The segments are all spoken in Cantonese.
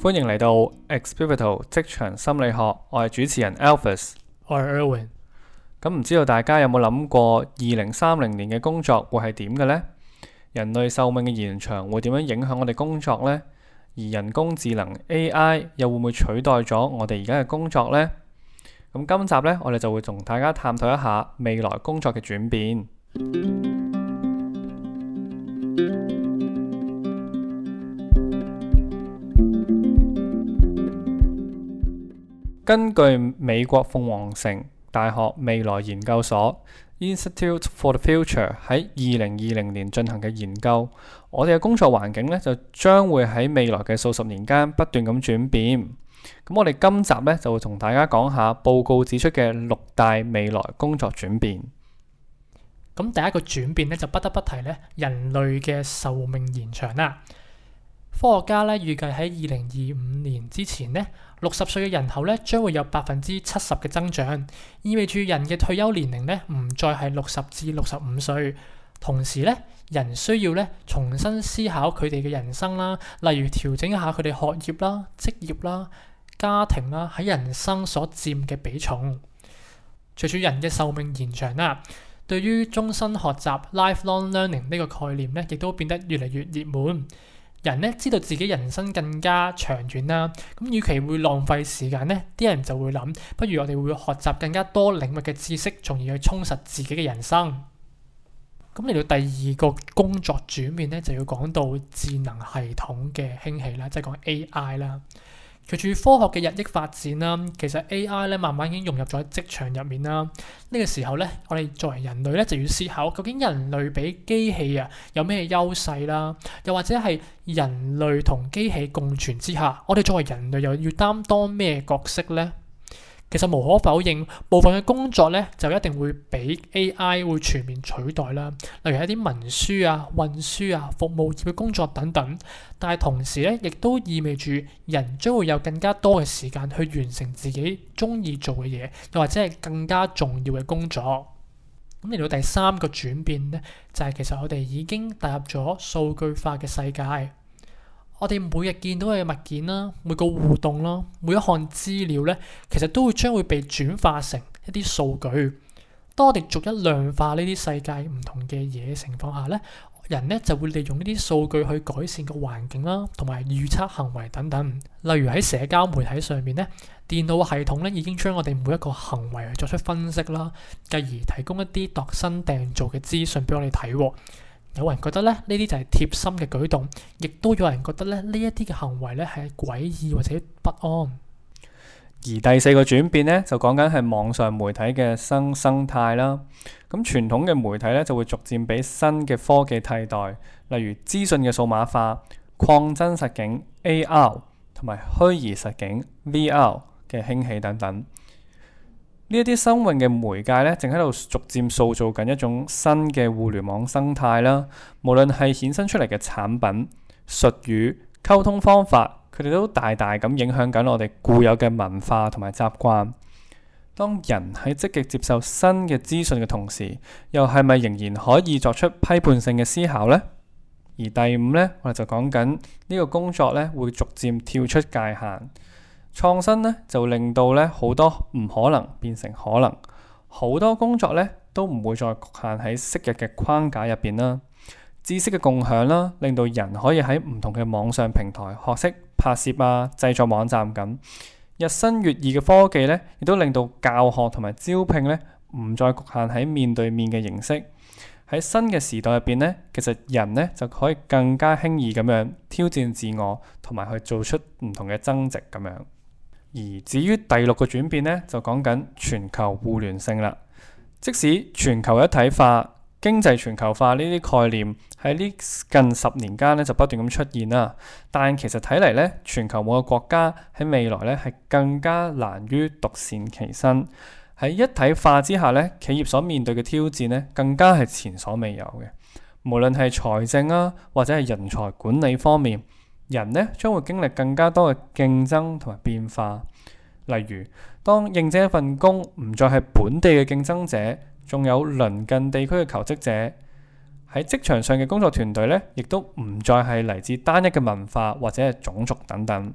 歡迎嚟到 Exhibitl 職場心理學，我係主持人 Alves，我係 Irwin。咁唔知道大家有冇諗過二零三零年嘅工作會係點嘅呢？人類壽命嘅延長會點樣影響我哋工作呢？而人工智能 AI 又會唔會取代咗我哋而家嘅工作呢？咁今集呢，我哋就會同大家探討一下未來工作嘅轉變。根據美國鳳凰城大學未來研究所 （Institute for the Future） 喺二零二零年進行嘅研究，我哋嘅工作環境咧就將會喺未來嘅數十年間不斷咁轉變。咁我哋今集咧就會同大家講下報告指出嘅六大未來工作轉變。咁第一個轉變咧就不得不提咧，人類嘅壽命延長啦。科學家咧預計喺二零二五年之前咧，六十歲嘅人口咧將會有百分之七十嘅增長，意味住人嘅退休年齡咧唔再係六十至六十五歲。同時咧，人需要咧重新思考佢哋嘅人生啦，例如調整一下佢哋學業啦、職業啦、家庭啦喺人生所佔嘅比重。隨住人嘅壽命延長啦，對於終身學習 （lifelong learning） 呢個概念咧，亦都變得越嚟越熱門。人咧知道自己人生更加長遠啦，咁、嗯、與其會浪費時間呢，啲人就會諗，不如我哋會學習更加多領域嘅知識，從而去充實自己嘅人生。咁、嗯、嚟到第二個工作轉變咧，就要講到智能系統嘅興起啦，即係講 AI 啦。隨住科學嘅日益發展啦，其實 AI 咧慢慢已經融入咗喺職場入面啦。呢個時候咧，我哋作為人類咧就要思考，究竟人類比機器啊有咩優勢啦？又或者係人類同機器共存之下，我哋作為人類又要擔當咩角色咧？其實無可否認，部分嘅工作咧就一定會俾 AI 會全面取代啦，例如一啲文書啊、運輸啊、服務業嘅工作等等。但係同時咧，亦都意味住人將會有更加多嘅時間去完成自己中意做嘅嘢，又或者係更加重要嘅工作。咁嚟到第三個轉變咧，就係其實我哋已經踏入咗數據化嘅世界。我哋每日見到嘅物件啦，每個互動啦，每一項資料咧，其實都會將會被轉化成一啲數據。當我哋逐一量化呢啲世界唔同嘅嘢情況下咧，人咧就會利用呢啲數據去改善個環境啦，同埋預測行為等等。例如喺社交媒體上面咧，電腦系統咧已經將我哋每一個行為去作出分析啦，繼而提供一啲度身訂造嘅資訊俾我哋睇。有人覺得咧，呢啲就係貼心嘅舉動，亦都有人覺得咧，呢一啲嘅行為咧係詭異或者不安。而第四個轉變呢，就講緊係網上媒體嘅新生態啦。咁傳統嘅媒體呢，就會逐漸俾新嘅科技替代，例如資訊嘅數碼化、擴增實境 AR 同埋虛擬實境 VR 嘅興起等等。呢一啲新穎嘅媒介咧，正喺度逐漸塑造緊一種新嘅互聯網生態啦。無論係衍生出嚟嘅產品、術語、溝通方法，佢哋都大大咁影響緊我哋固有嘅文化同埋習慣。當人喺積極接受新嘅資訊嘅同時，又係咪仍然可以作出批判性嘅思考呢？而第五咧，我哋就講緊呢個工作咧，會逐漸跳出界限。創新咧就令到咧好多唔可能變成可能，好多工作咧都唔會再局限喺昔日嘅框架入邊啦。知識嘅共享啦，令到人可以喺唔同嘅網上平台學識拍攝啊、製作網站咁。日新月異嘅科技咧，亦都令到教學同埋招聘咧唔再局限喺面對面嘅形式。喺新嘅時代入邊咧，其實人咧就可以更加輕易咁樣挑戰自我，同埋去做出唔同嘅增值咁樣。而至於第六個轉變呢，就講緊全球互聯性啦。即使全球一體化、經濟全球化呢啲概念喺呢近十年間呢就不斷咁出現啦，但其實睇嚟呢，全球每個國家喺未來呢係更加難於獨善其身。喺一體化之下呢，企業所面對嘅挑戰呢更加係前所未有嘅，無論係財政啊或者係人才管理方面。人咧將會經歷更加多嘅競爭同埋變化，例如當應徵一份工唔再係本地嘅競爭者，仲有鄰近地區嘅求職者。喺職場上嘅工作團隊咧，亦都唔再係嚟自單一嘅文化或者係種族等等。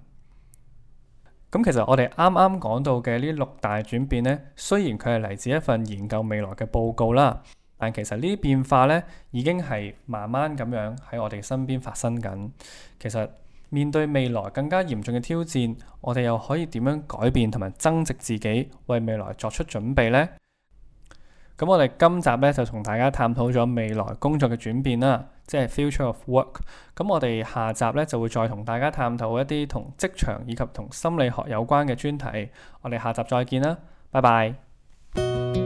咁其實我哋啱啱講到嘅呢六大轉變咧，雖然佢係嚟自一份研究未來嘅報告啦，但其實呢啲變化咧已經係慢慢咁樣喺我哋身邊發生緊。其實。面對未來更加嚴重嘅挑戰，我哋又可以點樣改變同埋增值自己，為未來作出準備呢？咁我哋今集咧就同大家探討咗未來工作嘅轉變啦，即係 Future of Work。咁我哋下集咧就會再同大家探討一啲同職場以及同心理學有關嘅專題。我哋下集再見啦，拜拜。